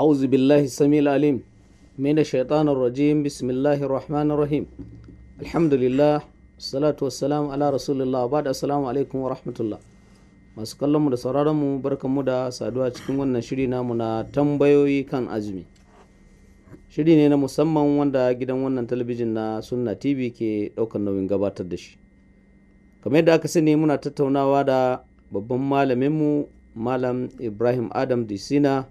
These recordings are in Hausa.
أعوذ بالله السميع العليم من الشيطان الرجيم بسم الله الرحمن الرحيم الحمد لله والصلاة والسلام على رسول الله بعد السلام عليكم ورحمة الله masu kallonmu da sauraronmu barkanmu da saduwa cikin wannan shiri namu na tambayoyi kan azumi shiri ne na musamman wanda gidan wannan talabijin na sunna tv ke daukan nauyin gabatar da shi kamar yadda aka sani muna tattaunawa da babban malaminmu malam ibrahim adam disina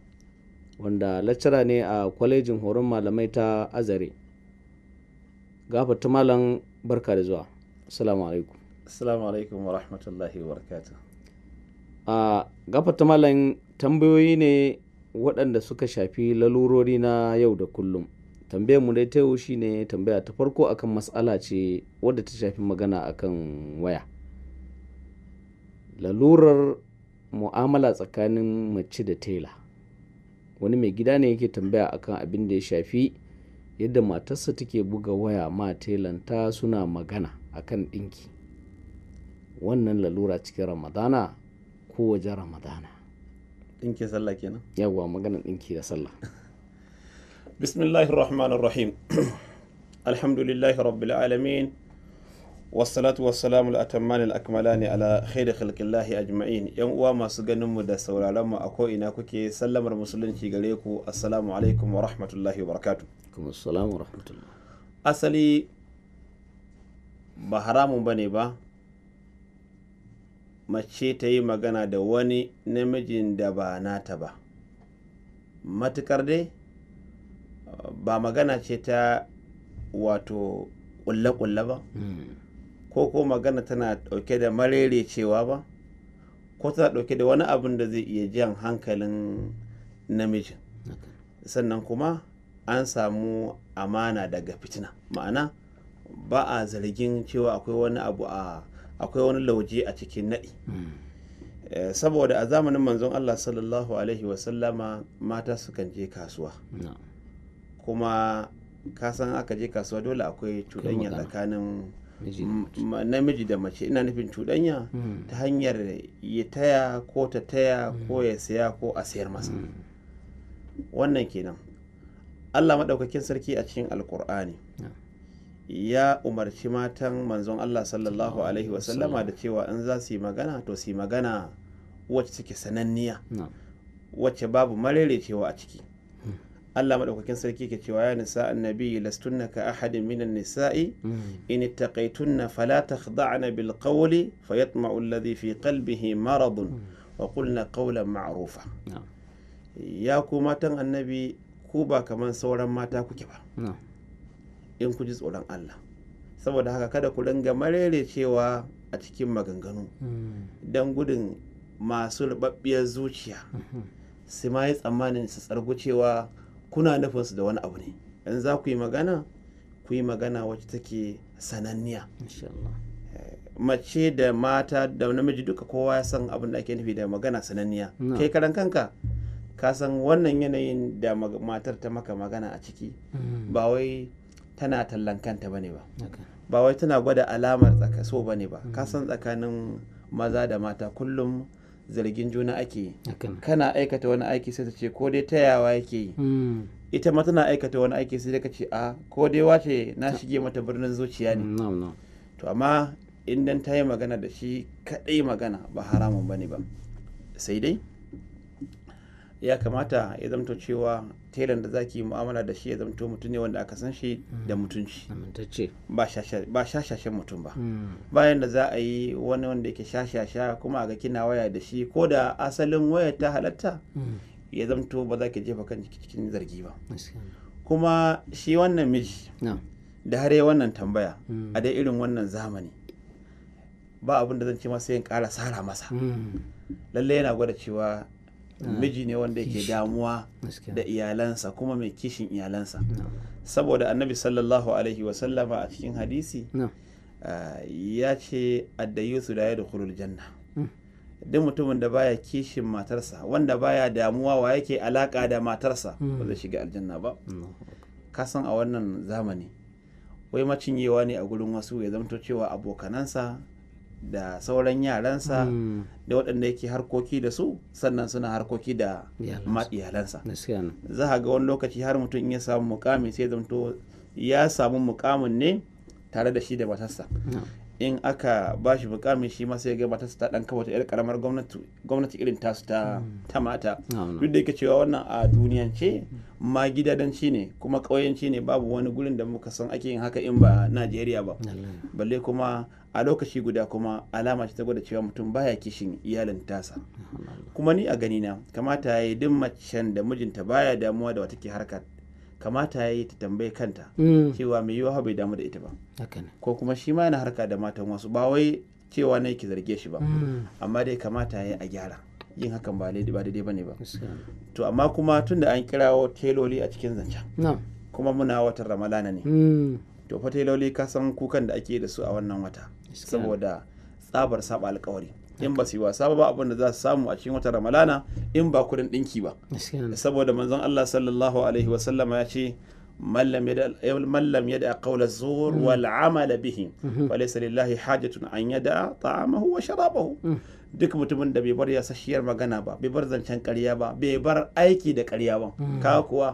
wanda lecturer ne a kwalejin horon malamai ta azare gafata malam barka da zuwa assalamu alaikum assalamu alaikum wa rahmatullahi wa a gafata malam tambayoyi ne waɗanda suka shafi lalurori na yau da kullum tambayar mu dai ta yau ne tambaya ta farko akan matsala ce wadda ta shafi magana akan waya lalurar mu'amala tsakanin mace da tela wani mai gida ne yake tambaya akan abin da ya shafi yadda matarsa take buga waya ma telanta suna magana akan dinki wannan lalura cikin ramadana ko waje ramadana dinki sallah kenan yawa maganar dinki da sallah bismillahir rahmanir rahim alhamdulillahi rabbil alamin wasalatu wasalamu al'atamman ne ala khairu a ajma'in yan uwa masu ganin mu da sauraronmu mu a ko ina kuke sallamar musulunci gare ku assalamu alaikum wa rahmatullahi wa barakatuh asali ba haramun bane ba mace ta yi magana da wani namijin da ba nata ba matukar dai ba magana ce ta wato kulle-kulle ba hmm. ko ko magana tana dauke da marere cewa ba ko tana dauke da wani abin da zai iya jan hankalin namiji sannan kuma an samu amana daga fitina ma'ana ba a zargin cewa akwai wani abu a akwai wani lauje a cikin naɗi hmm. eh, saboda a zamanin manzon Allah sallallahu alaihi wasallama mata sukan je kasuwa kuma kasan aka je kasuwa dole akwai cuɗanya tsakanin namiji da mace ina nufin cuɗanya hmm. ta hanyar ya taya ko ta taya hmm. ko ya saya ko a sayar masa hmm. wannan kenan allah maɗaukakin sarki a cikin alkur'ani ya umarci matan manzon allah sallallahu alaihi wasallama da cewa in za su yi magana to su yi magana wacce suke sananniya wacce babu marerecewa a ciki Allah maɗaukakin sarki ke cewa ya nisa annabi lastunna ka ahadin minan nisa'i mm. in taqaytunna fala takhda'na bil qawli fayatma'u alladhi fi qalbihi maradun mm. wa qulna qawlan ma'rufa ya ku matan annabi ku ba kaman sauran mata kuke ba in ku ji tsoron Allah saboda haka kada ku dinga marere cewa a cikin maganganu mm. dan gudun masu rubabbiyar zuciya mm-hmm. su ma yi tsammanin su tsargu cewa kuna nufinsu da wani abu ne yanzu za ku yi magana ku yi magana wacce take sananniya eh, mace da mata da namiji duka kowa ya san abin da ake nufi da magana sananniya kai karan kanka ka san wannan yanayin da matar ta maka magana a ciki mm. ba wai tana tallan kanta ba ne ba ba wai tana gwada alamar tsaka so ba ne ba ka mm. san tsakanin maza da mata kullum zargin juna ake yi kana aikata wani aiki sai ta ce ko dai tayawa yake yi hmm. ita ma tana aikata wani aiki sai ta ce a ah, ko dai wace na shige mata birnin zuciya ne to amma in dan ta yi magana da shi kaɗai magana ba haramun bane ba sai dai ya kamata ya zamto cewa telan da zaki mu'amala da shi ya zamto mutum ne wanda aka san shi mm. da mutunci ba shashashen mutum ba mm. bayan da za a yi wani wanda yake shashasha kuma a ga kina waya da shi ko da asalin waya ta halatta mm. ya zamto ba za ki jefa kan cikin zargi ba kuma shi wannan miji da har yi wannan tambaya a dai irin wannan zamani ba abin da zan ce masa yin ƙara sara masa lallai yana gwada cewa Ah. miji ne wanda yake damuwa da iyalansa kuma mai kishin iyalansa saboda annabi sallallahu alaihi wasallama a cikin hadisi ah, ya ce addayusu da ya da janna mm. duk mutumin da baya kishin matarsa wanda baya damuwa wa yake alaka da matarsa ba mm. zai shiga aljanna ba kasan a wannan zamani wai macinyewa ne a gurin wasu ya zamto cewa abokanansa da sauran yaransa hmm. da waɗanda yake harkoki da su sannan suna harkoki da iyalansa za a ga wani lokaci har mutum ya samu mukami sai zamto ya samu mukamin ne tare da shi da matarsa in aka ba shi mukami shi ma sai ga matarsa ta ɗan kawata yar karamar gwamnati irin tasu ta hmm. ta mata duk da yake cewa wannan a duniyance ma gidadanci ne kuma ƙauyanci ne babu wani gurin da muka san ake yin haka in ba najeriya ba balle kuma a lokaci guda kuma alama ce ta gwada cewa mutum baya kishin iyalin tasa kuma ni a ganina kamata ya yi duk macen da mijinta baya damuwa da wata ke harkar kamata ya yi ta tambayi kanta mm. cewa mai yiwa bai damu da ita ba ko kuma shi ma yana harka da matan wasu ba wai cewa na yake zarge shi ba mm. amma dai kamata ya yi a gyara yin hakan ba daidai ba ne ba to amma kuma tunda an kirawo teloli a cikin zancen kuma muna watan ramalana ne mm. to fa teloli ka san kukan da ake da su a wannan wata saboda tsabar saba alkawari in ba su yi wasa ba abin da za su samu a cikin wata ramalana in ba kudin ɗinki ba saboda manzon Allah sallallahu alaihi wasallama ya ce mallam a qawla zur mm. wal amala bihi Wale mm-hmm. salillahi hajjatun an yada ta'amahu wa sharabahu mm. duk mutumin da bai bar ya sashiyar magana ba bai bar zancen karya ba bai bar aiki da karya ba mm. kaga kuwa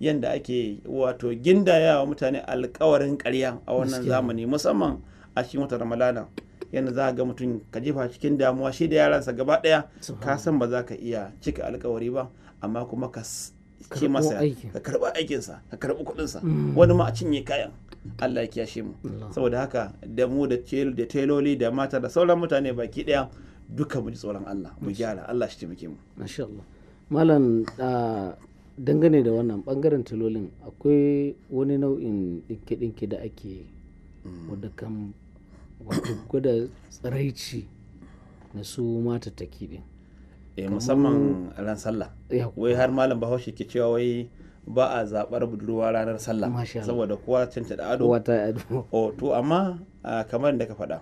yanda ake wato gindayawa mutane alkawarin karya a wannan zamani musamman a cikin watan ramalana yana za ga mutum ka jefa cikin damuwa shi da yaransa gaba daya ka san ba za ka iya cika alkawari ba amma kuma ka ce masa ka karba aikinsa ka karbi kuɗinsa mm. wani ma a cinye kayan Allah ya kiyashe mu saboda haka da mu da teloli da mata da sauran mutane baki daya duka mu ji tsoron Allah mu gyara Allah shi taimake mu masha Allah malam dangane da wannan bangaren telolin akwai wani nau'in dinke-dinke da ake mm. wadda kan gwada tsiraici na su matattaki din eh musamman ran sallah wai har malam bahaushe ke cewa wai ba a zaɓar budurwa ranar sallah saboda kowa canta da ado wata ado to amma kamar da ka faɗa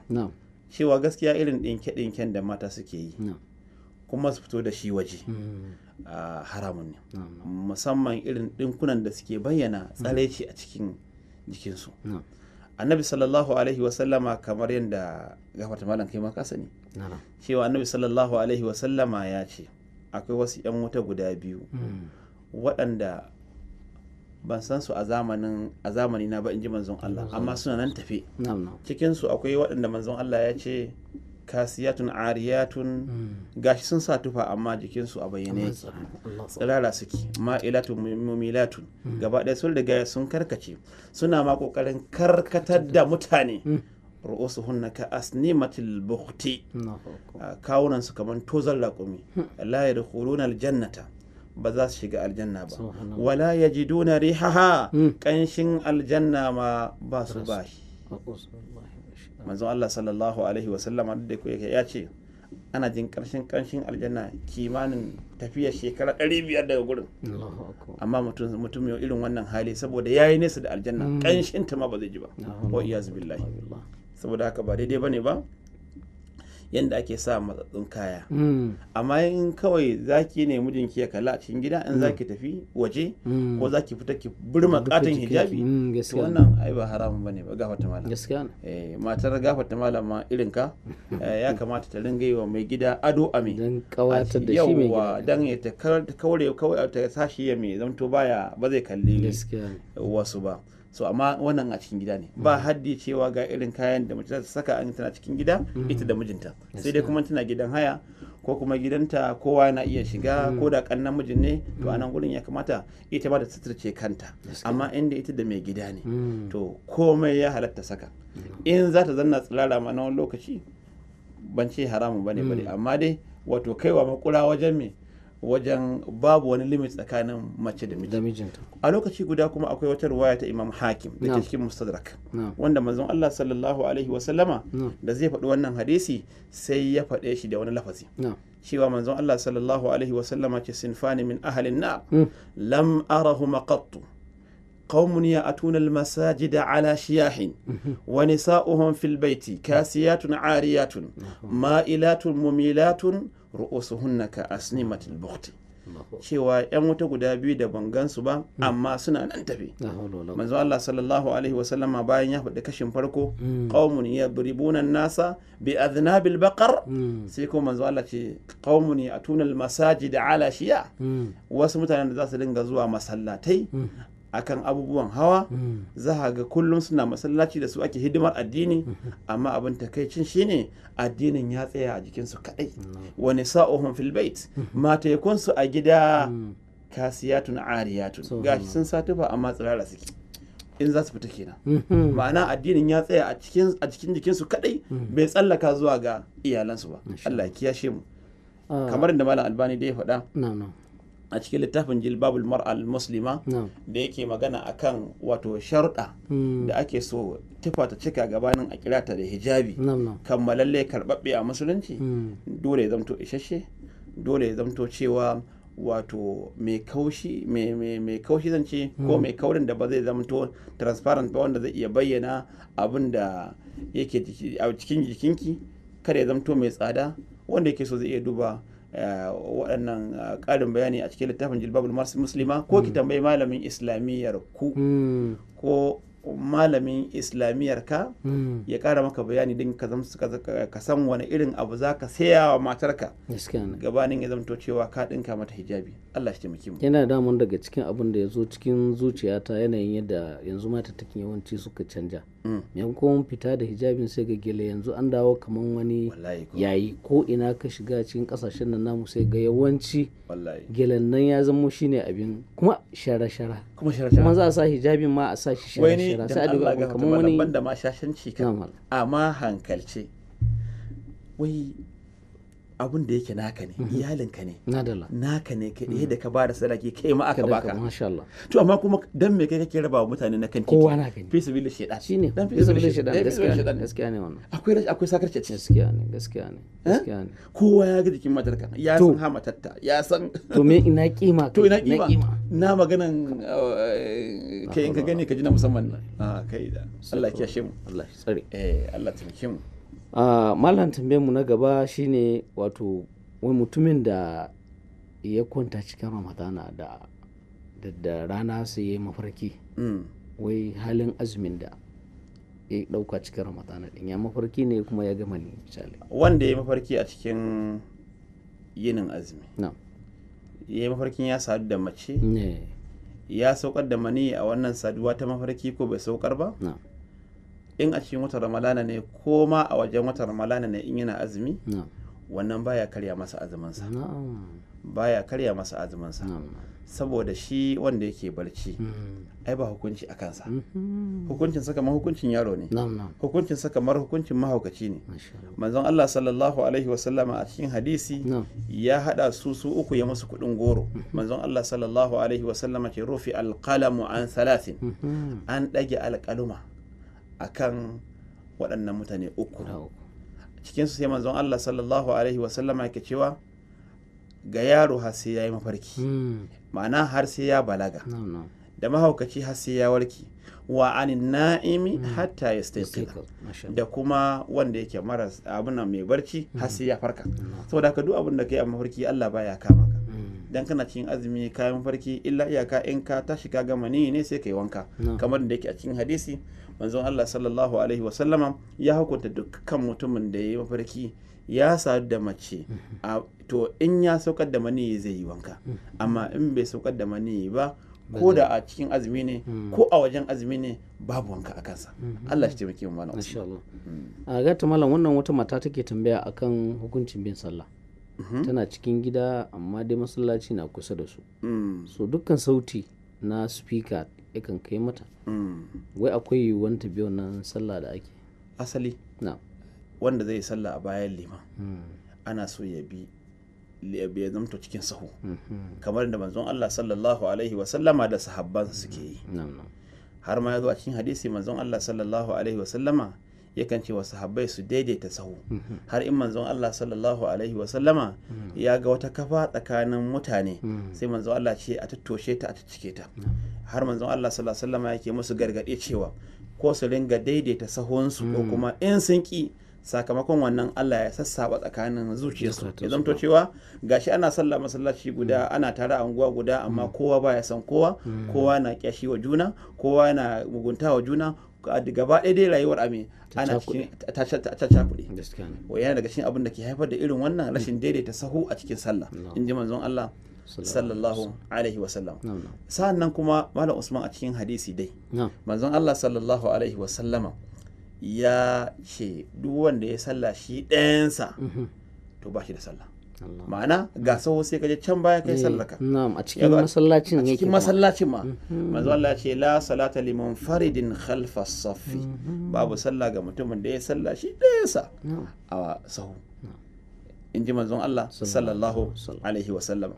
cewa gaskiya irin ɗinke-ɗinken da mata suke yi kuma su fito da shi waje mm. haramun ne musamman irin ɗinkunan da suke bayyana tsaraici a cikin jikinsu annabi sallallahu alaihi wasallama kamar yadda fata malam kai ma ka sani cewa annabi sallallahu alaihi wasallama ya ce akwai wasu yan wuta guda biyu hmm. waɗanda ban san su a zamani na ba in ji manzon Allah amma suna nan tafe cikinsu su akwai waɗanda manzon Allah ya ce kasiyatun ariyatun mm. gashi sun sa tufa amma jikinsu a bayyane yake tsirara suke ma'ilatun mumilatun mm. gaba ɗaya sun riga sun karkace suna ma ƙoƙarin karkatar da mutane mm. hunna ka matil bukti kawunan su kamar tozar laƙumi hmm. la yadkhuluna jannata ba za su shiga aljanna ba wala ya ji duna rihaha hmm. Ƙanshin aljanna ma ba su bashi manzon Allah sallallahu alaihi wa sallama da ya ce ana jin karshen karshen aljanna kimanin tafiya shekara 500 daga gurin amma mutum mutum yau irin wannan hali saboda yayi nesa da aljanna kanshin mm. ta ma ba zai ji ba wa iyaz billahi saboda haka ba daidai bane ba yadda ake sa matsatsun kaya mm. amma in kawai zaki ne mijinki ya kalla a cikin gida in mm. zaki tafi waje mm. ko zaki fita ki burma katin hijabi to wannan ai ba haramun bane ba gafata malam gaskiya eh matar ta malam ma irin ka eh, ya kamata ta ringa yi wa mai gida ado a mai. dan kawata da shi mai gida dan ya ta kaure kawai ta sashi ya mai zanto baya ba zai kalli wasu ba so amma wannan a cikin gida ne ba mm-hmm. haddi cewa ga irin kayan da mace za ta saka an tana cikin gida mm-hmm. ita da mijinta sai dai kuma tana gidan haya ko kuma gidanta kowa na iya shiga mm-hmm. ko da kannan mijin ne to anan gurin ya kamata ita ma ta suturce kanta amma inda ita da mai gida ne mm. to komai ya halatta saka in za ta zanna tsirara ma na wani lokaci ban ce haramun ba ne mm. amma dai wato kaiwa makura wajen me wajen babu wani limit tsakanin mace da mijinta a lokaci guda kuma akwai wata ruwaya ta imam hakim da ke cikin mustadrak wanda manzon Allah sallallahu alaihi wasallama da zai faɗi wannan hadisi sai ya faɗe shi da wani lafazi cewa manzon Allah sallallahu alaihi wasallama ce sinfani min ahalin na hmm. lam arahuma qattu قوم يأتون المساجد على شياح ونساؤهم في البيت كاسيات عاريات مائلات مميلات ru'usuhunna ka asnimatil bukhti cewa yan wuta guda biyu da ban gansu ba hmm. amma suna nan tafi manzo Allah sallallahu alaihi wa sallama bayan ya faɗi kashin farko hmm. qaumun yabribuna nasa bi adhnabil baqar hmm. sai ko manzo Allah ce qaumun yatunal masajid ala shiya wasu mutanen da za su dinga zuwa masallatai akan abubuwan hawa hmm. za a ga kullum suna masallaci da su ake hidimar addini amma abin takaicin shine addinin ya tsaya a jikinsu kadai hmm. wani sa'ohun filbait matayakunsu a gida hmm. kasiyatun ariyatun gashi sun tufa amma tsirara suke in za su fita kenan ma'ana addinin ya tsaya a cikin jikinsu kadai bai tsallaka zuwa ga iyalansu ba Allah ya kiyashe mu ah. kamar da malam albani da ya faɗa a cikin littafin jilbabul mar'al muslima da yake magana akan wato sharuɗa hmm. da ake so tufa ta cika gabanin a kirata da hijabi kammalalle karɓaɓɓe a musulunci hmm. dole ya zamto isasshe dole ya zamto cewa wato mai kaushi mai kaushi zan ko hmm. mai kaurin da ba zai zamto transparent ba wanda zai iya bayyana abin da yake a cikin jikinki kada ya zamto mai tsada wanda yake so zai iya duba Eh, waɗannan eh, ƙarin bayani a cikin littafin jilbabul muslima ko ki mm. tambayi malamin islamiyyar ku mm. ko malamin islamiyyar ka mm. ya ƙara maka bayani din ka san wani irin abu za ka saya wa matarka gabanin ya zamto cewa ka ɗinka mata hijabi Allah shi taimake mu yana damun daga cikin abin da ya zo cikin zuciyata yanayin yadda yanzu mata take yawanci suka canja yankon fita da hijabin sai ga gele yanzu an dawo kaman wani yayi ko ina ka shiga cikin kasashen nan namu sai ga yawanci gelen nan ya zamo shine abin kuma shara shara kuma za a sa hijabin ma a sa shi shara shara sai a duba kamar wani banda ma shashanci amma hankalce wai abun da yake naka ne mhm. iyalinka ne naka ne kai mhm. da ka ba da sadaki kai ma aka baka masha Allah to amma kuma dan me kai kake rabawa mutane na kan titi kowa na gani fisa billahi shedan shine dan fisa billahi shedan gaskiya ne wannan akwai akwai sakarci ce gaskiya ne gaskiya ne eh? gaskiya ne kowa ya ga jikin ka ya san ha matarta ya san to me ina kima to ina kima na maganan eh, kai in ka ah, gani ka ji na musamman a ah, kai da Allah ya kiyashe mu Allah ya tsare eh Allah ya tsare mu Uh, ah, malam mu na gaba shine wato wani mutumin da ya kwanta cikin ramadana da da rana sai ya mafarki mm. wai halin azumin da ya dauka cikin ramadana din ya mafarki ne kuma ya gama ne misali wanda ya mafarki a cikin yinin azumi no. ya mafarkin ya sadu da mace eh. ya saukar da mani a wannan saduwa ta mafarki ko bai saukar ba no. in a cikin watan ramalana ne ko ma a wajen watan ramalana ne in yana azumi wannan baya karya masa azuminsa baya karya masa azuminsa saboda shi wanda yake barci hmm. ai ba hukunci a kansa hmm. hukuncin sa kamar hukuncin yaro ne hukuncin sa kamar hukuncin mahaukaci ne manzon Allah sallallahu alaihi wasallama a cikin hadisi ya hada su su uku ya musu kudin goro hmm. manzon Allah sallallahu alaihi wasallama ke rufi alqalamu an thalathin an dage alqaluma a kan waɗannan mutane uku cikinsu sai manzon Allah sallallahu alaihi wasallama yake cewa ga yaro har sai ya yi mafarki hmm. ma'ana har sai ya balaga da mahaukaci har sai ya warki wa anin na'imi hmm. hatta ya da kuma wanda yake mara abunan mai barci har hmm. sai ya farka saboda haka duk abin da kai a mafarki Allah baya kama ka dan kana cikin azumi kayan farki illa iyaka in ka tashi ka gama ni ne sai kai wanka kamar da yake a cikin hadisi manzon Allah sallallahu alaihi wa sallama ya hukunta dukkan mutumin da yayi mafarki ya sadu da mace mm-hmm. to in ya saukar da mani zai yi wanka mm-hmm. amma in bai saukar da mani ba ko da a cikin azumi ne mm. ko a wajen azumi ne babu wanka a kansa mm-hmm. Allah shi taimake mu wannan insha Allah mm. a ga ta malam wannan wata mata take tambaya akan hukuncin bin sallah Mhm. tana cikin gida amma dai masallaci na kusa da su mm. so dukkan sauti na speaker yakan kai mata mm. wai akwai wanta biyu na sallah da ake asali na wanda zai sallah a bayan liman mm. ana so ya bi ya zamto cikin sahu mhm. kamar da manzon Allah sallallahu alaihi wa sallama da sahabban suke yi har ma ya zo a cikin hadisi manzon Allah sallallahu alaihi wa sallama yakan ce wasu habbai su daidaita sahu mhm. har in manzon Allah sallallahu alaihi wa sallama mhm. ya ga wata kafa tsakanin mutane mhm. sai manzon Allah ce a tattoshe ta a cike ta har manzon Allah sallallahu alaihi wa sallama yake musu gargaɗe cewa ko su ringa daidaita sahunsu ko kuma in sun ki sakamakon wannan Allah ya sassaba tsakanin zuciyarsu ya zanto cewa gashi ana sallah masallaci guda ana tare a unguwa guda amma kowa baya san kowa kowa na kyashi wa juna kowa na mugunta wa juna gaba ɗaya dai rayuwar ame ana cikin ta kuɗi wa yana daga cikin abin da ke haifar da irin wannan rashin daidaita sahu a cikin sallah in ji manzon Allah sallallahu alaihi wasallam sa'an nan kuma malam usman a cikin hadisi dai manzon Allah sallallahu alaihi wasallama ya ce duk wanda ya sallashi shi ɗayansa mhm. to ba shi da sallah ma'ana ga saho sai ka je can baya kai eh, sallaka na'am a cikin masallacin yake a cikin masallacin ma mm-hmm. manzo Allah ya ce la salata liman faridin khalfa safi mm-hmm. babu sallah ga mutumin da ya salla shi ɗaya sa a sahu in ji manzon Allah sallallahu alaihi wa sallam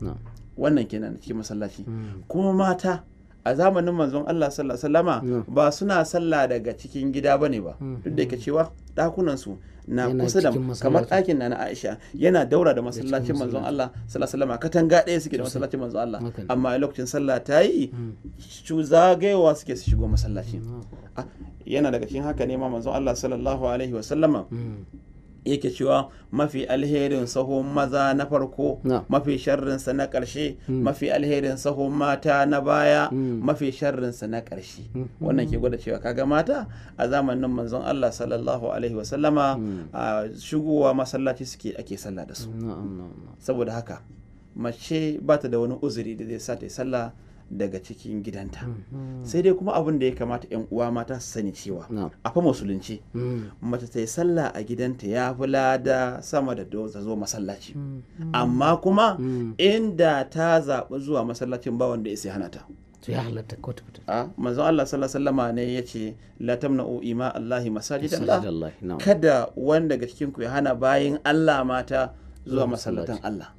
wannan kenan cikin masallaci mm. kuma mata a zamanin manzon Allah sallallahu alaihi wasallama ba suna sallah daga cikin gida bane ba mm. duk da yake cewa dakunan su na kusa da kamar ɗakin na na Aisha yana daura da masallacin manzon Allah sallallahu alaihi wasallama katanga ɗaya suke da masallacin manzon Allah amma a lokacin sallah ta yi mm. su zagayewa suke su shigo masallaci mm. ah, yana daga cikin haka ne ma manzon Allah sallallahu alaihi wasallama yake cewa mafi alherin sahun maza na farko mafi sharrinsa na ƙarshe hmm. mafi alherin sahun mata na baya hmm. mafi sharrinsa na ƙarshe hmm. wannan ke gwada cewa kaga mata a zamanin manzon Allah sallallahu alaihi wasallama a shigowa masallaci suke ake sallah da su saboda haka mace ba ta da wani uzuri da zai sa ta yi sallah daga cikin gidanta mm-hmm. sai dai kuma abin da ya kamata yan uwa mata su sani cewa a fa musulunci mm-hmm. mace ta yi sallah a gidanta ya fi lada sama da ta zo masallaci mm-hmm. amma kuma inda ta zaɓi zuwa masallacin ba wanda ya hana ta to ya halatta ko ta fita manzon Allah sallallahu alaihi wasallam ne yace la tamna'u ima Allahi masajid Allah kada wanda daga cikin ku ya hana bayin Allah mata zuwa masallatan Allah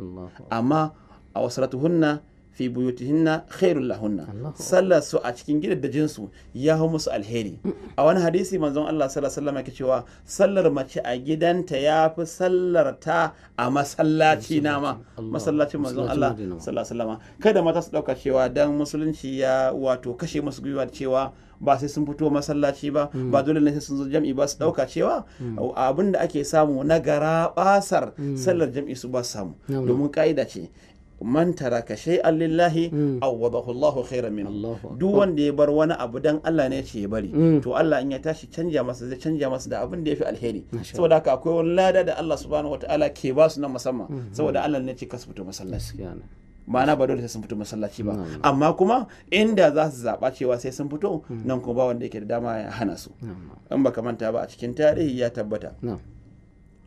amma a wasalatuhunna fi na khairul lahunna sallar su a cikin gidajen su ya hau musu alheri mm. a wani hadisi manzon Allah sallallahu alaihi wasallam cewa sallar mace a gidanta fi sallar ta a masallaci na ma masallaci manzon Allah sallallahu alaihi wasallam kada mata su dauka cewa dan musulunci ya wato kashe musu gwiwa cewa ba sai sun fito masallaci ba mm. ba dole ne sai sun zo jam'i ba su dauka cewa mm. abin da ake samu na gara basar sallar jam'i su ba samu domin ka'ida ce man taraka shay'an lillahi mm. awwadahu Allahu khairan min duk wanda ya bar wani abu dan Allah ne yace ya bari mm. to Allah in ya tashi canja masa zai canja masa da abin da fi alheri saboda haka akwai wani lada da Allah subhanahu wataala ke ba su na musamman mm-hmm. saboda Allah ne ce ka fito masallaci ma'ana ba dole sai sun fito masallaci ba mm-hmm. amma kuma inda za su zaɓa cewa sai sun fito mm-hmm. nan kuma ba wanda yake da dama ya hana su in baka manta ba a cikin tarihi ya tabbata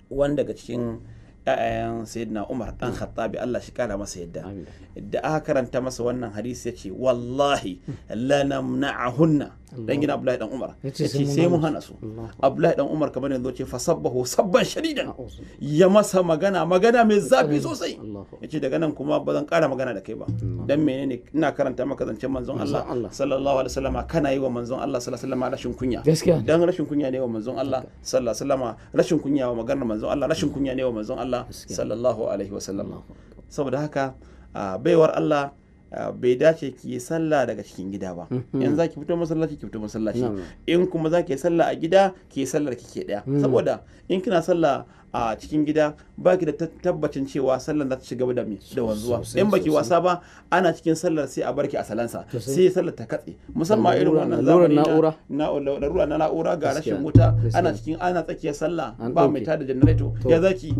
wanda daga cikin 'ya'yan sayyidina umar dan mm. khattabi allah shi kara masa yadda da aka karanta masa wannan hadisi ya ce wallahi mm. lanamna'ahunna dan gina abdullahi dan umar yace sai mun hana su abdullahi dan umar kamar yanzu ce fasabbahu sabban shadidan ya masa magana magana mai zafi sosai yace daga nan kuma ba zan kara magana da kai ba dan menene ina karanta maka zancen manzon allah sallallahu alaihi wasallama kana yi wa manzon allah sallallahu alaihi wasallama rashin kunya dan rashin kunya ne wa manzon allah sallallahu alaihi wasallama rashin kunya wa maganar manzon allah rashin kunya ne wa manzon allah Allah sallallahu alaihi wasallam saboda haka baiwar Allah bai dace ki yi sallah daga cikin gida ba mhm. in za ki fito masallaci ki fito masallaci in kuma za ki yi sallah a gida ki yi sallar ki ke daya mhm. saboda in kina sallah a cikin gida ba ki da tabbacin cewa sallar za ta ci gaba da mi da wanzuwa in baki wasa ba ana cikin sallar sai a barki a salansa sai sallar ta katse musamman irin wannan zamani na na'ura na na'ura ga rashin wuta ana cikin ana tsakiyar sallah ba mai tada janareto ya zaki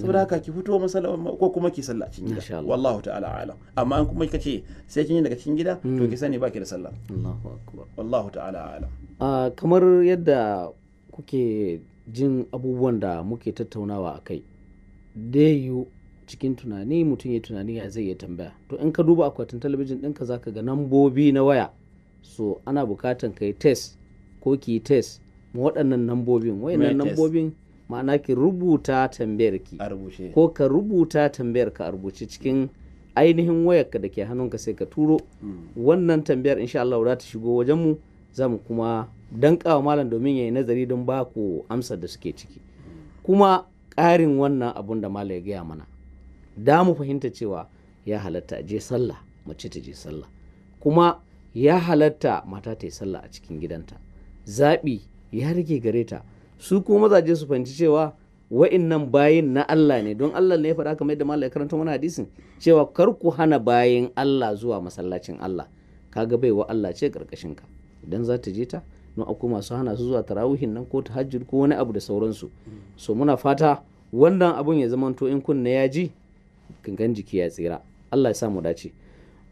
saboda haka ki fito masallaci ko kuma ki sallah cikin gida wallahu ta'ala alam amma an kuma kace sai kin yi daga cikin gida to ki hmm. sani baki da sallah Allahu akbar wallahu ta'ala alam kamar yadda kuke jin abubuwan da muke tattaunawa akai kai yu cikin tunani mutum ya tunani ya zai ya tambaya to in ka duba akwatin talabijin ɗinka zaka ga nambobi na waya so ana bukatan kai test ko ki test waɗannan nambobin wayannan nambobin ma'ana ki rubuta tambayar ki ko ka rubuta tambayar ka a rubuce cikin ainihin wayarka da ke hannunka sai ka turo hmm. wannan tambayar insha Allah za ta shigo wajen mu za mu kuma danƙawa malam domin yayi nazari don ba ku amsar da suke ciki hmm. kuma ƙarin wannan abun da malam ya gaya mana da mu fahimta cewa ya halatta je sallah mace ta je sallah kuma ya halatta mata ta yi sallah a cikin gidanta zaɓi ya rike gare ta su kuma mazaje su fahimci cewa wa'innan bayin na Allah ne don Allah ne ya faɗa kamar yadda malai karanta wani hadisin cewa kar ku hana bayin Allah zuwa masallacin Allah kaga bai wa Allah ce karkashin ka idan za ta je ta no akwai masu hana su zuwa tarawihin nan ko ta ko wani abu da sauransu so muna fata wannan abun ya zama to in kunna ya ji gangan jiki ya tsira Allah ya sa mu dace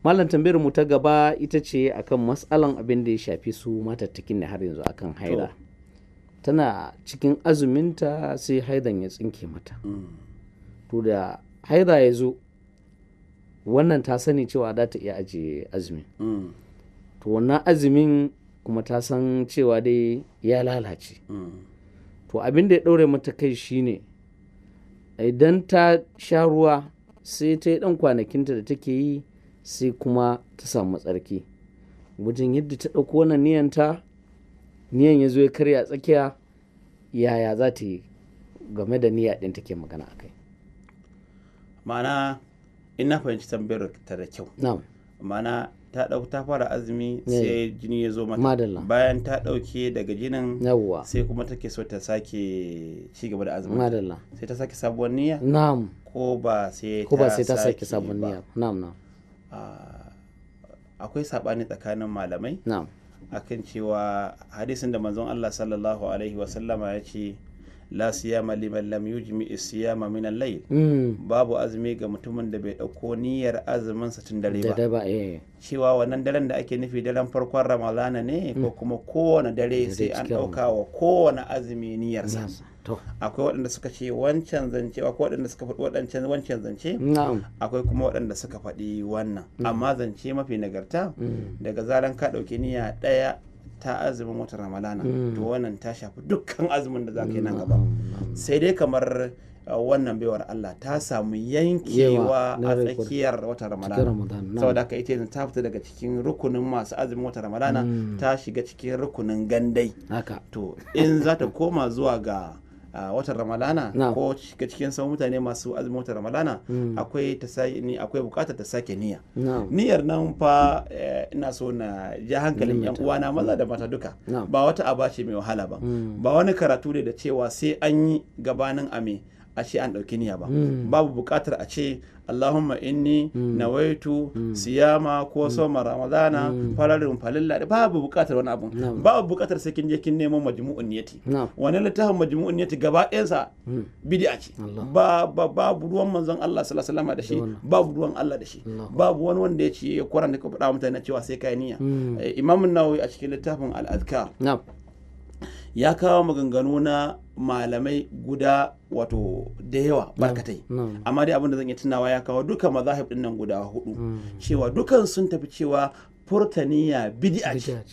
Malam tambayar mu ta gaba ita ce akan matsalan abin da ya shafi su matattakin ne har yanzu akan haira. tana cikin azuminta sai haidan ya tsinke mata to da haida ya zo wannan ta sani cewa za ta iya ajiye azumin to wannan azumin kuma ta san cewa dai ya lalace to abin da ya ɗaure mata kai shine idan ta sha ruwa sai ta yi ɗan kwanakinta da take yi sai kuma ta samu tsarki wajen yadda ta ɗauko wannan niyanta niyan ya zo ya karya tsakiya yaya za ta yi game da niyya ɗin take magana a kai ma'ana ina fahimci tambayar ta da kyau ma'ana ta ɗau ta fara azumi sai jini ya zo mata bayan ta ɗauke daga jinin sai kuma take so ta sake ci gaba da azumi sai ta sake sabuwar niyya na'am ko ba sai ta sake sabuwar niyya na'am na'am ah, akwai sabani tsakanin malamai na'am akan cewa hadisin da manzon Allah sallallahu alaihi wasallama ya ce la siyama liman lam yujmi siyama min al-layl mm. babu azumi ga mutumin da bai dauko niyyar azumin sa tun dare ba eh. cewa wannan daren da ake nufi daren farkon ramadana ne ko mm. kuma kowane dare sai an dauka wa kowane azumi niyyar sa akwai waɗanda suka ce wancan zance akwai waɗanda suka faɗi waɗancan wancan zance akwai kuma waɗanda suka faɗi wannan mm. amma zance mafi nagarta daga zaran ka dauki niyya ɗaya ta azumin watan ramalana mm. to wannan ta shafi dukkan azumin da za ka yi nan mm. gaba mm. sai dai kamar uh, wannan baiwar Allah ta samu yankewa a tsakiyar watan ramadana saboda ka ita ta fita daga cikin rukunin masu azumin watan ramadana ta shiga cikin rukunin gandai to in za ta koma zuwa ga a watan ramalana ko shiga cikin sauran mutane masu azumin watan ramalana hmm. akwai akwai bukatar ta sake niyya niyyar nan fa eh, ina so na ja hankalin yan uwana maza da hmm. mata duka ba wata aba ce mai wahala ba hmm. ba wani karatu ne da cewa sai an yi gabanin ame a ce an ɗauki niyya ba hmm. babu buƙatar a ce Allahumma inni hmm. nawaitu hmm. siyama ko soma ramadana fararin falilla babu buƙatar wani abu babu buƙatar sai kin je kin nemo majmu'un niyyati wani littafin majmu'un niyyati gaba ɗayansa bid'a ce ba ruwan manzon Allah sallallahu alaihi wasallam da shi babu ruwan Allah da shi babu wani wanda ya ce ya kwaranta ka faɗa mutane cewa sai kai niyya eh, Imam Nawawi a cikin littafin al-Adhkar ya kawo maganganu na malamai guda wato da yawa barkatai amma dai abin da zan yi tunawa ya kawo duka mazahib din nan guda hudu mm. cewa dukan sun tafi cewa furtaniya bidi'a ce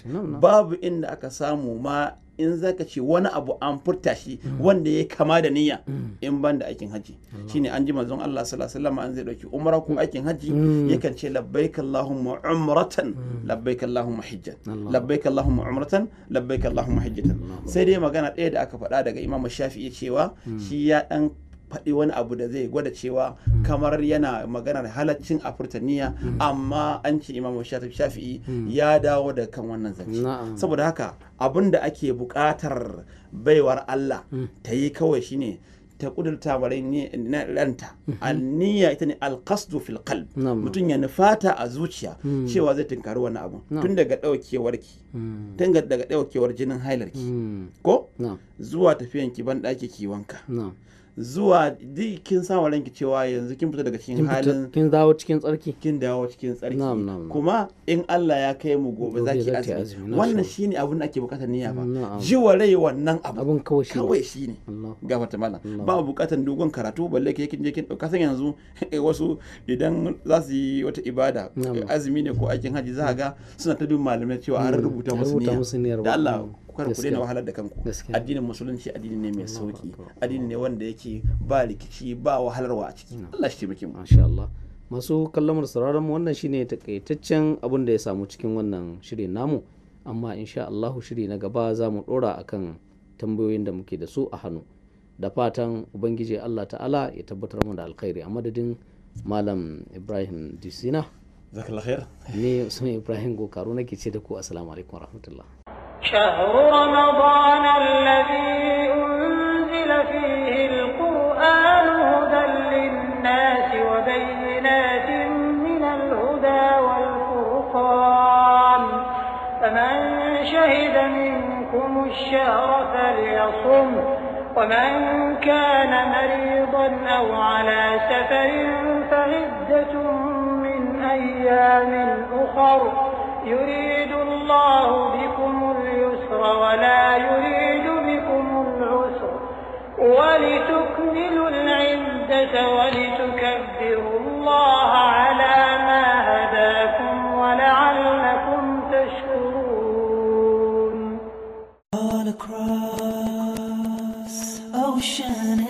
babu inda aka samu ma in zaka ce wani abu an furta shi wanda ya kama da niyya in ban da aikin haji shine an ji manzon Allah sallallahu alaihi wasallam an zai dauki umra ko mm. aikin haji mm. yakan ce labbaik allahumma umratan mm. labbaik allahumma hajjan labbaik allahumma umratan labbaik allahumma hajjatan sai dai magana ɗaya da aka faɗa daga imam shafi'i cewa shi ya dan faɗi wani abu da zai gwada cewa mm. kamar yana maganar halaccin a mm. amma an ce imamu shafi'i mm. ya dawo da kan wannan zance saboda haka abin da ake buƙatar baiwar Allah ta yi kawai shine ta kudurta bare na ranta mm-hmm. niyya ita ne alkasdu fil qalb mutum ya nufata a zuciya cewa zai tunkari wani abu tun daga daukewar ki tun daga daukewar jinin hailar ki ko zuwa tafiyan ki ban daki ki wanka zuwa duk kin sa ranki cewa yanzu kin fita daga cikin halin kin dawo cikin tsarki kin dawo cikin tsarki kuma in Allah ya kai mu gobe zaki azumi wannan shine abin da ake bukatar niyya ba jiwa rai wannan abu abun kawai shine kawai shine ga fatimala mala ba bukatar dogon karatu balle ke kin je kin dauka san yanzu eh, wasu idan za su yi wata ibada azumi ne ko aikin haji za ga suna ta bin malamai cewa an hmm. rubuta musu niyya da Allah kar ku daina wahalar da kanku addinin musulunci addini ne mai sauki addini ne wanda yake ba rikici ba wahalarwa a ciki Allah shi taimake mu insha Allah masu kallamar sauraron mu wannan shine takaitaccen abin da ya samu cikin wannan shirin namu amma insha Allah shiri na gaba za mu dora akan tambayoyin da muke da su a hannu da fatan ubangiji Allah ta'ala ya tabbatar mu da alkhairi a madadin malam Ibrahim Disina zakallah lahir ni Usman Ibrahim Gokaro nake ce da ku assalamu alaikum warahmatullahi شهر رمضان الذي أنزل فيه القرآن هدى للناس وبينات من الهدى والفرقان فمن شهد منكم الشهر فليصم ومن كان مريضا أو على سفر فعدة من أيام أخر يريد الله بكم العسر ولا يريد بكم العسر ولتكملوا العدة ولتكبروا الله على ما هداكم ولعلكم تشكرون All across ocean oh,